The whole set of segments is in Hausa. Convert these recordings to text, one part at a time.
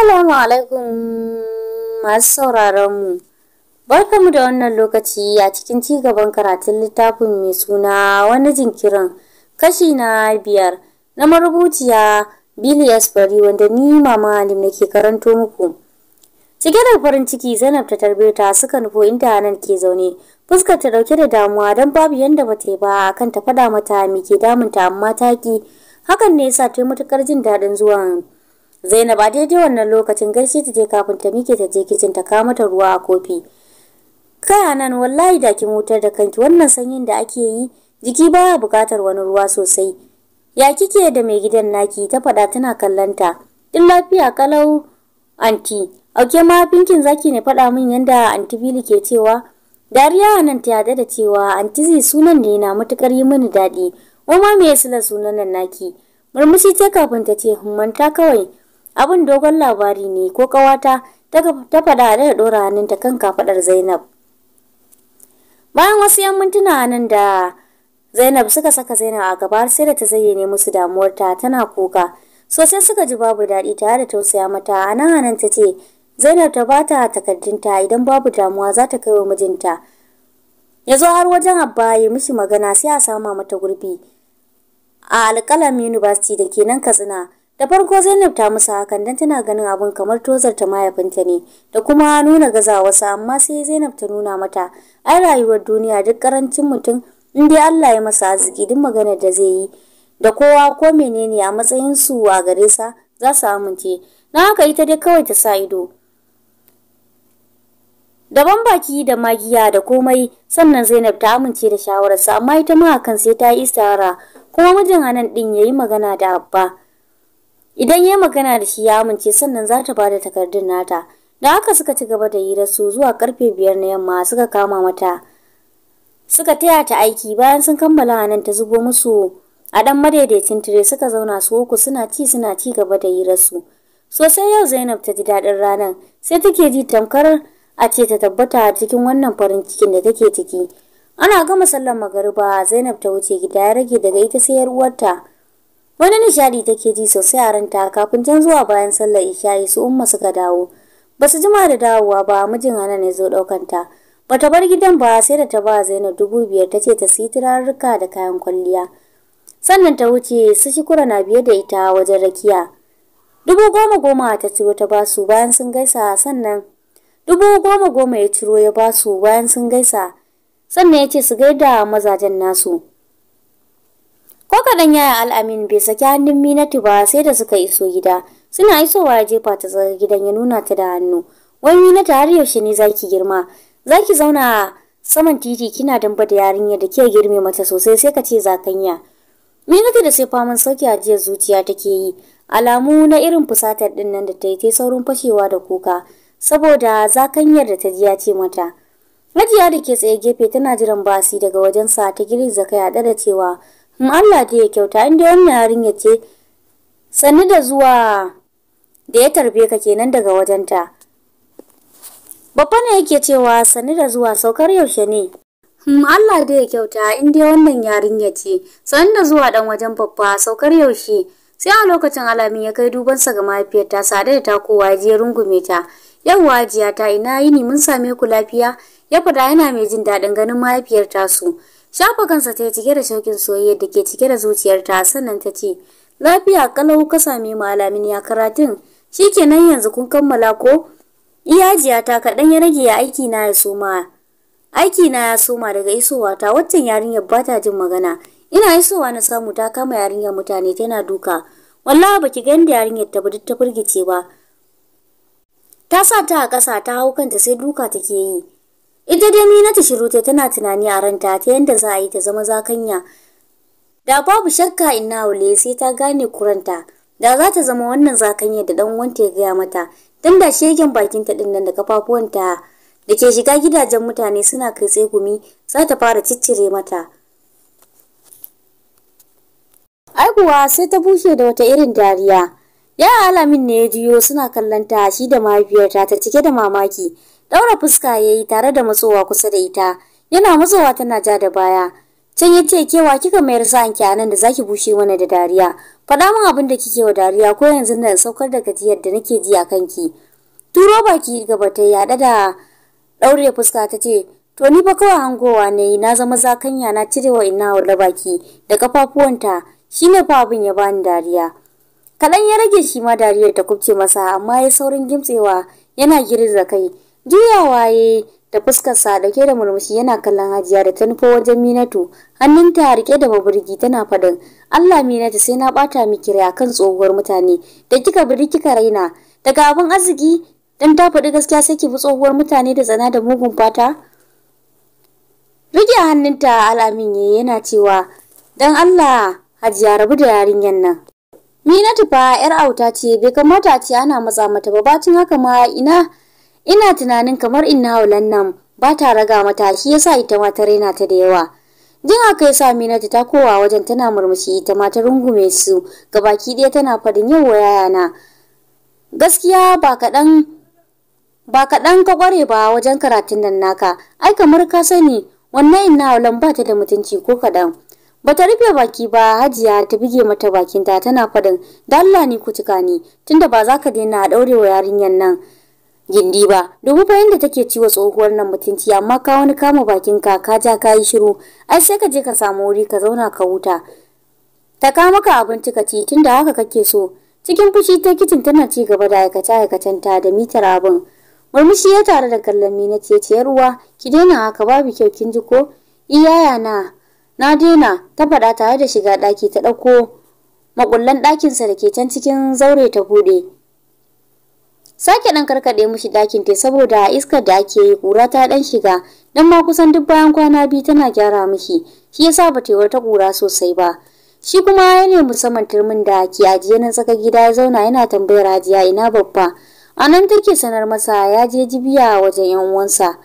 Assalamu alaikum masu sauraron mu. sauraronmu. mu da wannan lokaci a cikin ci gaban karatun littafin mai suna wani jinkirin kashi na biyar na marubuciya Billy Asbury wanda ni mama Alim nake karanto muku. Cike da farin ciki Zainab ta tarbeta suka nufo inda nan ke zaune fuskar ta dauke da damuwa don babu yanda ba ta yi ba kan ta faɗa mata me ke damunta amma ta ki hakan ne yasa ta yi matukar jin daɗin zuwa. Zainab a daidai wannan lokacin gaishe ta je kafin ta mike ta je kicin ta kawo mata ruwa a kofi. Kai nan wallahi da ki mutar da kanki wannan sanyin da ake yi jiki baya bukatar wani ruwa sosai. Ya kike da mai gidan naki ta faɗa tana kallanta. Din lafiya kalau anti. Auke ma binkin zaki ne faɗa min yanda anti Bili ke cewa Dariya nan ta yada da cewa anti zai sunan ne na matukar yi mini daɗi. Wama me ya sunan nan naki? Murmushi ce kafin ta ce humanta kawai abin dogon labari ne ko ƙawata ta faɗa da ɗora ta kan kafaɗar zainab bayan wasu yan mintuna nan da zainab suka saka zainab a gaba sai da ta zayyane musu damuwar ta tana kuka sosai suka ji babu daɗi tare da tausaya mata a nan nan ta ce zainab ta bata takardunta idan babu damuwa za ta kai wa mijinta ya zo har wajen abba ya mishi magana sai a sama mata gurbi a alƙalam university da ke nan katsina Da farko Zainab ta musa hakan dan tana ganin abin kamar tozar tozarta mahaifinta ne da kuma nuna gazawarsa amma sai Zainab ta nuna mata ai rayuwar duniya duk karancin mutum in dai Allah ya masa arziki duk maganar da zai yi da kowa ko menene a matsayin su a gare sa za su amince na haka ita dai kawai ta sa ido daban baki da magiya da komai sannan Zainab ta amince da shawararsa amma ita ma hakan sai ta yi istara kuma mijin anan din yayi magana da Abba idan ya magana da shi ya amince sannan za ta bada takardun nata da haka suka ci gaba da yi rasu, zuwa karfe biyar na yamma suka kama mata suka taya ta aiki bayan sun kammala nan ta zubo musu a dan madaidaicin tire suka zauna su uku suna ci suna ci gaba da yi rasu. sosai yau Zainab ta ji daɗin ranar sai take ji tamkar a ce ta tabbata cikin wannan farin cikin da take ciki ana gama sallar magariba Zainab ta wuce gida ya rage daga ita sai yar uwarta wani nishadi take ji sosai a ranta kafin can zuwa bayan sallar isha'i su umma suka dawo ba su jima da dawowa ba mijin hana ne zo ɗaukanta ba ta bar gidan ba sai da ta ba zainab dubu biyar ta ce ta siyi turarruka da kayan kwalliya sannan ta wuce su shikura na biye da ita wajen rakiya dubu goma goma ta ciro ta basu bayan sun gaisa sannan dubu goma goma ya ciro ya basu bayan sun gaisa sannan ya ce su gaida mazajen nasu kaɗan yaya al'amin bai saki hannun minatu ba sai da suka iso gida suna isowa ya jefa ta zaga gidan ya nuna ta da hannu wai minatu har yaushe ne za ki girma za ki zauna saman titi kina damba da yarinya da ke girme mata sosai sai ka ce zakanya minatu da sai faman sauki a jiya zuciya take yi alamu na irin fusatar din nan da ta yi ta saurin fashewa da kuka saboda zakanyar da ta ji ya ce mata Hajiya da ke tsaye gefe tana jiran basi daga wajensa ta girin zakaya da cewa in Allah da ya kyauta inda wannan yarinya ce sannu da zuwa da ya tarbe ka kenan daga wajenta babba ne yake cewa sannu da zuwa saukar yaushe ne Allah da ya kyauta in dai wannan yarinya ce, sannan da zuwa dan wajen babba saukar yaushe, sai a lokacin alamin ya kai dubansa ga mahaifiyar ta sada da takowa je rungume ta. Yau jiya ta ina yini mun same ku lafiya, ya fada yana mai jin daɗin ganin mahaifiyarta su. Shafa kansa ta cike da shaukin soyayya da ke cike da zuciyarta sannan ta ce, Lafiya kalau ka same mu alamin ya karatun, shi kenan yanzu kun kammala ko? Iyajiya ta kaɗan ya rage ya aiki na ya soma. Aiki na ya soma daga isowa ta waccan yarinyar ba ta jin magana. Ina isowa na samu ta kama yarinyar mutane tana duka. Wallahi baki inda yarinyar ta duk ta firgice ba. Ta sa ta a ƙasa ta hau kanta sai duka take yi. Ita dai shiru ta tana tunani a ranta ta yadda za a yi ta zama zakanya. Da babu shakka inna wule sai ta gane kuranta. Da za ta zama wannan zakanya da dan uwanta ya gaya mata. Dan da shegen bakin ta dinnan da kafafuwanta da ke shiga gidajen mutane suna kai tsaye gumi za ta fara ciccire mata. Ai kuwa sai ta bushe da wata irin dariya. Yaya Alamin ne ya jiyo suna kallon ta shi da mahaifiyarta ta cike da mamaki. Daura fuska ya yi tare da matsowa kusa da ita. Yana matsowa tana ja da baya. Can ya ce kewa kika mayar sa anki anan da zaki bushe mana da dariya. Faɗa min abin da kike wa dariya ko yanzu nan saukar da gajiyar da nake ji a kanki. Turo baki gaba ta yaɗa da ɗaure fuska ta ce to ni fa kawai hangowa ne na zama zakanya na cirewa ina wa baki da kafafuwanta shine fa abin ya bani dariya. Kaɗan ya rage shi ma dariyar ta kubce masa amma ya saurin gimtsewa yana girin da kai. Juyawa ya da fuskarsa dauke da murmushi yana kallon hajiya da ta nufo wajen Minatu. Hannunta rike da maburgi tana fadin Allah Minatu sai na bata miki rai akan tsohuwar mutane da kika biri kika raina. Daga abin arziki dan ta faɗi gaskiya sai ki bi tsohuwar mutane da tsana da mugun fata. Rike hannunta al'amin yana cewa dan Allah hajiya rabu da yarinyar nan. Minatu fa yar auta ce bai kamata ce ana matsa mata ba bacin haka ma ina ina tunanin kamar inna haulan nan ba ta raga mata shi yasa ita ma ta raina ta da yawa. Jin haka sa mina ta kowa wajen tana murmushi ita ma ta rungume su gabaki ɗaya tana faɗin yau yayana. Gaskiya ba kaɗan ba kaɗan ka ƙware ba wajen karatun nan naka ai kamar ka sani wannan inna haulan ba ta da mutunci ko kaɗan. Bata rufe baki ba Hajiya ta bige mata bakinta tana fadin da Allah ne ku tuka ni tunda ba za ka daina daurewa yarinyar nan gindi ba dubu fa da take ciwo tsohuwar nan mutunci amma ka wani kama bakin ka ka ja ka yi shiru ai sai ka je ka samu wuri ka zauna ka huta ta ka maka abinci ka ci tunda haka kake so cikin fushi ta tana ci gaba da aikace aikacenta da mitar abin murmushi ya tare da kallon na ce ciyar uwa ki daina haka babu kyau kin ji ko iyaya na na daina ta faɗa tare da shiga ɗaki ta ɗauko makullan ɗakinsa da ke can cikin zaure ta buɗe sake ɗan karkaɗe mushi ɗakin ta saboda iskar da ake yi ƙura ta ɗan shiga don ma kusan duk bayan kwana biyu tana gyara mushi, shi yasa ba ta wata ƙura sosai ba shi kuma ya nemi turmin da ke ajiye nan tsakar gida ya zauna yana tambayar ajiya ina babba a nan take sanar masa ya je jibiya wajen yan uwansa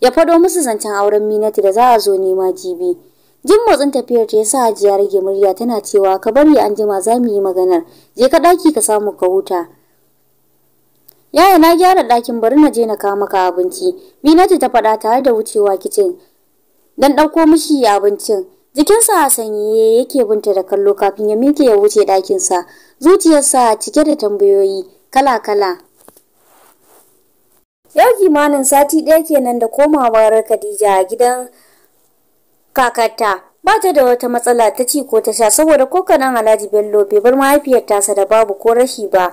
ya faɗo musu zancen auren minati da za a zo nema jibi Jin motsin tafiyar ta yasa Hajiya rage murya tana cewa ka bari an jima za mu yi maganar. Je ka daki ka samu ka huta. Yaya na gyara dakin bari na je na kawo maka abinci. Minatu ta faɗa tare da wucewa kicin. Dan ɗauko mishi abincin. Jikinsa a sanye yake binta da kallo kafin ya miƙe ya wuce ɗakinsa. Zuciyarsa cike da tambayoyi kala-kala. Yau kimanin sati ɗaya kenan da komawar Khadija gidan kakata ba ta da wata matsala ta ci ko ta sha saboda ko kanan Alhaji Bello bai bar mahaifiyar tasa da babu ko rashi ba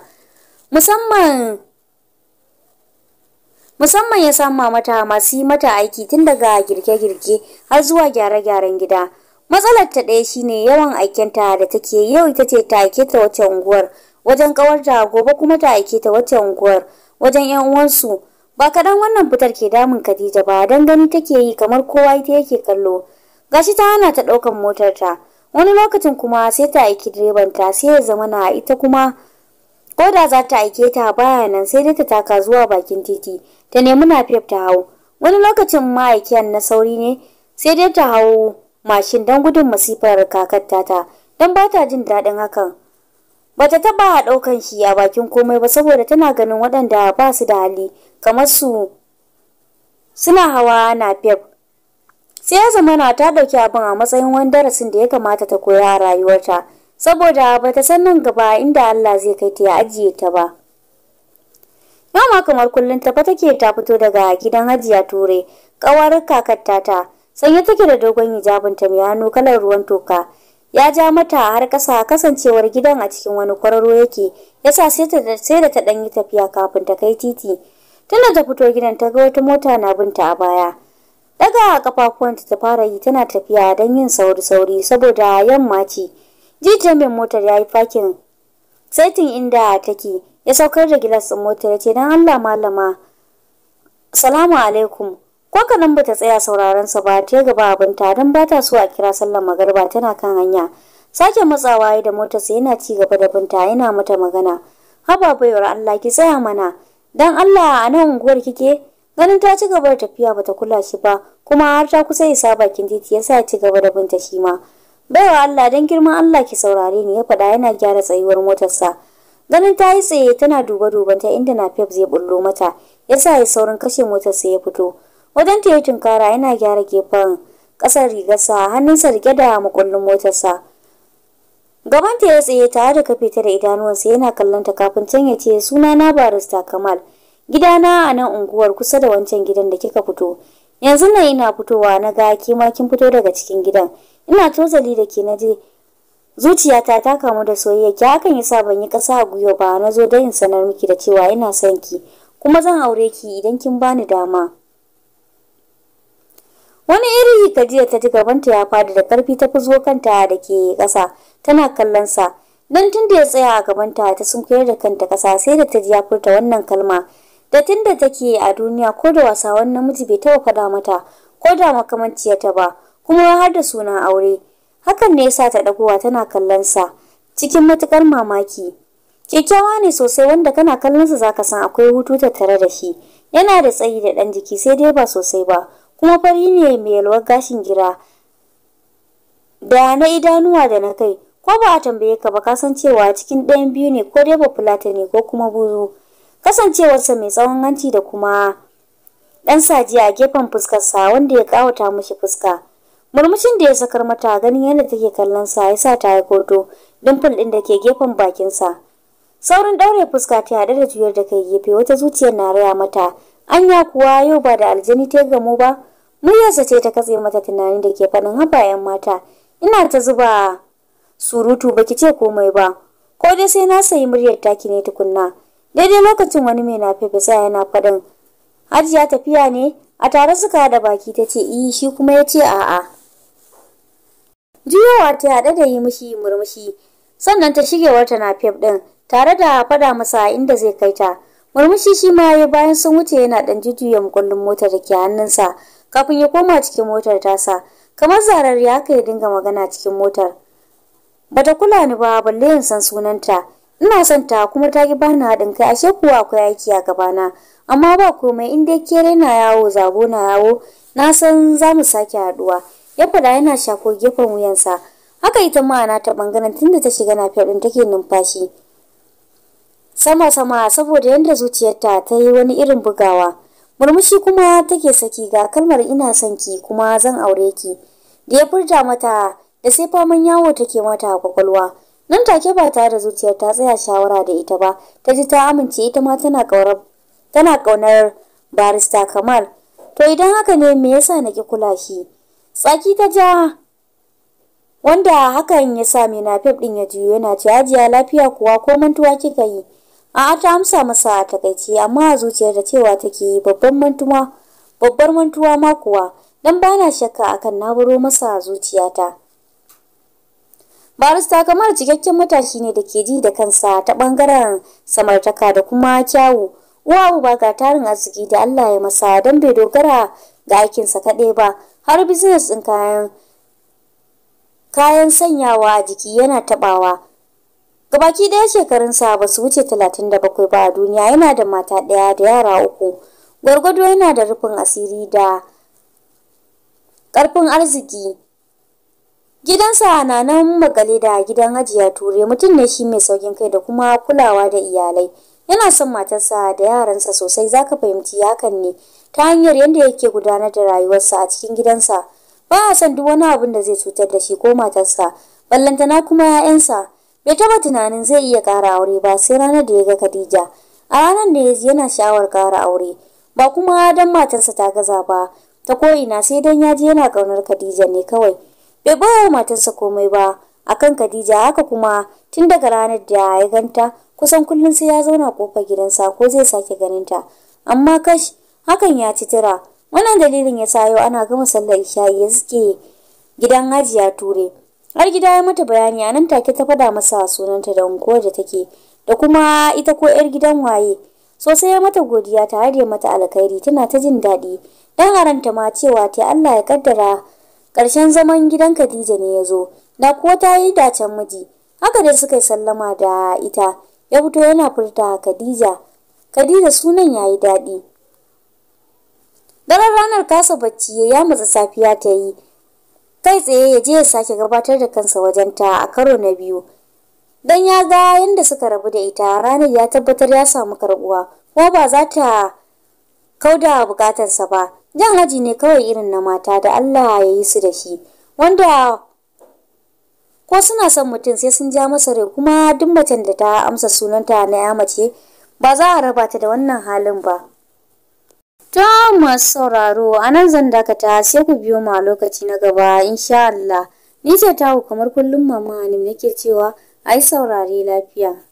musamman musamman ya sama mata masu yi mata aiki tun daga girke-girke har zuwa gyare-gyaren gida. Matsalar ta ɗaya shine yawan aikenta da take yau ita ce ta aike ta wacce unguwar wajen kawarta gobe kuma ta aike ta wacce unguwar wajen yan uwansu. Ba kaɗan wannan fitar ke damun Khadija ba don gani take yi kamar kowa ita yake kallo. gashi ta hana ta ɗaukan motar ta wani lokacin kuma sai ta aiki direban ta sai ya zama na ita kuma koda da za ta aike ta baya nan sai dai ta taka zuwa bakin titi ta nemi na ta hau wani lokacin ma'aikiyan na sauri ne sai dai ta hau mashin don gudun masifar kakar tata don ba ta jin daɗin hakan bata taba ɗaukan shi a bakin komai ba saboda tana ganin waɗanda ba su da hali kamar su suna hawa na fef sai ya zamana ta ɗauki abin a matsayin wani darasin da ya kamata ta koya a rayuwarta saboda ba ta san nan gaba inda Allah zai kai ta ya ajiye ta ba. ma kamar kullum fa take ta fito daga gidan Hajiya Ture, kawar kakarta ta, sanye take da dogon hijabin ta mai hannu kalar ruwan toka. Ya ja mata har ƙasa kasancewar gidan a cikin wani kwararo yake, yasa sai sai da ta ɗan yi tafiya kafin ta kai titi. Tunda ta fito gidan ta ga wata mota na binta a baya. daga kafafuwan ta fara yi tana tafiya don yin sauri-sauri saboda yamma ce jijiyar mai motar ya yi fakin saitin inda take ya saukar da gilas in motar ya ce don allah malama salamu alaikum ko ba bata tsaya sauraron sa ba ta gaba abinta don ba ta so a kira sallar magarba tana kan hanya sake matsawa ya da motarsa yana ci gaba da binta yana mata magana haba baiwar allah ki tsaya mana don allah a nan unguwar kike ganin ta ci gaba da tafiya bata kula shi ba kuma har ta kusa isa bakin titi yasa ya ci gaba da binta shi ma baiwa Allah dan girman Allah ki saurare ni ya fada yana gyara tsayuwar motarsa ganin ta yi tsaye tana duba duban ta inda na fep zai bullo mata yasa ya saurin kashe motarsa ya fito wajen ta yi tunkara yana gyara gefen ƙasar rigarsa hannunsa rike da makullin motarsa ta ya tsaye tare da kafe ta da idanuwansa yana kallon ta kafin can ya ce suna na barista kamal Gidana a nan unguwar kusa da wancan gidan da kika fito. Yanzu nan ina fitowa na ga ke ma kin fito daga cikin gidan. Ina tozali da ke na je. Zuciyata ta kamu da soyayya ki hakan yasa ban yi kasa a gwiwa ba na zo in sanar miki da cewa ina son ki kuma zan aure ki idan kin bani dama. Wani iri gajiya ta ji gabanta ya fadi da karfi ta fuzo kanta da ke ƙasa tana kallon sa. Dan tun da ya tsaya a gabanta ta sunkuyar da kanta kasa sai da ta ji ya furta wannan kalma. da tunda take a duniya ko da wasa wasawan namiji bai taɓa faɗa mata ko da makamanciyarta ba kuma har da sunan aure hakan ne yasa ta dagowa tana kallon sa cikin matukar mamaki kyakkyawa ne sosai wanda kana kallon sa zaka san akwai hutu tattare da shi yana da tsayi da dan jiki sai dai ba sosai ba kuma fari ne mai yalwar gashin gira da na idanuwa da na kai ko ba a tambaye ka ba ka san cewa cikin ɗayan biyu ne ko dai fulata ne ko kuma buzu kasancewarsa mai tsawon hanci da kuma ɗan saji a gefen fuskarsa wanda ya ƙawata mashi fuska murmushin da ya sakar mata ganin yadda take kallon sa ya sa ta yi koto dimple ɗin da ke gefen bakinsa saurin ɗaure fuska ta haɗe da juyar da kai gefe wata zuciyar na raya mata anya kuwa yau ba da aljani ta gamu ba muryarsa ce ta katse mata tunani da ke faɗin habayen mata ina ta zuba surutu baki ce komai ba ko dai sai na sayi muryar taki ne tukunna daidai lokacin wani mai na sa yana faɗin hajiya tafiya ne a tare suka da baki ta ce iyi eh, shi kuma ya ce a'a jiyowa ta haɗe da yi mishi murmushi sannan ta shige ta na fef ɗin tare da faɗa masa inda zai kai ta murmushi shi ma ya bayan sun wuce yana ɗan jujjuya mukullin motar da ke hannunsa kafin ya koma cikin motar tasa kamar zarar ya kai dinga magana cikin motar bata kula ni ba balle yin san sunanta ina son ta kuma ta ki bani haɗin kai ashe kuwa akwai aiki a gabana amma ba komai in dai ke na yawo zabo na yawo na san za mu sake haɗuwa ya fada yana shako gefen wuyansa haka ita ma na ta ɓangaren tunda ta shiga na ɗin take numfashi sama sama saboda yadda zuciyarta ta yi wani irin bugawa murmushi kuma take saki ga kalmar ina son ki kuma zan aure ki da ya furta mata da sai faman yawo take mata a kwakwalwa nan take ba tare da zuciyar ta tsaya shawara da ita ba ta ji ta amince ita ma tana ƙaunar tana kaunar barista kamar to idan haka ne me yasa nake kula shi tsaki ta ja wanda hakan ya sa na nafif din ya juyo yana cewa ajiya lafiya kuwa ko mantuwa kika yi a'a ta amsa masa a takaice amma a zuciyar da cewa take babban mantuwa babbar mantuwa ma kuwa dan bana shakka akan na buro masa a zuciyata barista kamar cikakken matashi ne da ke ji da kansa ta bangaren samartaka da kuma kyawu uwa uba ga tarin arziki da Allah ya masa don bai dogara ga aikinsa kaɗai ba har business ɗin kayan kayan sanyawa a jiki yana taɓawa gabaki ɗaya shekarunsa ba su wuce talatin da bakwai ba a duniya yana da mata ɗaya da yara uku gwargwado yana da rufin asiri da ƙarfin arziki Gidansa na nan makale da gidan Hajiya Ture mutum ne shi mai saukin kai da kuma kulawa da iyalai. Yana son matarsa da yaransa sosai zaka fahimci hakan ne ta hanyar yadda yake gudanar da rayuwarsa a cikin gidansa. Ba a son duk wani abin da zai cutar da shi ko matarsa, na kuma 'ya'yansa. Bai taɓa tunanin zai iya ƙara aure ba sai ranar da ya ga Khadija. A ranar da ya ji yana sha'awar ƙara aure, ba kuma don matarsa ta gaza ba, ta ko'ina sai don ya ji yana ƙaunar Khadija ne kawai. bai ba wa matarsa komai ba akan Khadija haka kuma tun daga ranar da ya ganta kusan kullum sai ya zauna kofar gidansa ko zai sake ganinta amma kash hakan ya ci tira wannan dalilin ya sayo ana gama sallar isha ya zike gidan hajiya ture har gida ya mata bayani a nan take ta fada masa sunanta da unguwar da take da kuma ita ko 'yar gidan waye sosai ya mata godiya tare da mata alkhairi tana ta jin daɗi dan haranta ma cewa ta Allah ya kaddara ƙarshen zaman gidan Khadija ne ya zo, da kuwa ta yi dacen miji, haka da suka yi sallama da ita, ya fito yana furta Khadija, Khadija sunan ya yi daɗi. Daren ranar kasa bacci ya matsa safiya ta yi, kai tsaye ya je ya sake gabatar da kansa wajenta a karo na biyu. Dan ya ga yadda suka rabu da ita ranar ya tabbatar ya samu karbuwa, kuma ba za ta kauda bukatarsa ba. jan haji ne kawai irin na mata da Allah ya yi su da shi wanda ko suna son mutum sai sun ja masa rai kuma duk macen da ta amsa sunanta na ya mace ba za a raba ta da wannan halin ba ta masu sauraro a nan zan dakata sai ku biyo ma lokaci na gaba insha Allah ni ce taku kamar kullum mama ne nake cewa ai saurari lafiya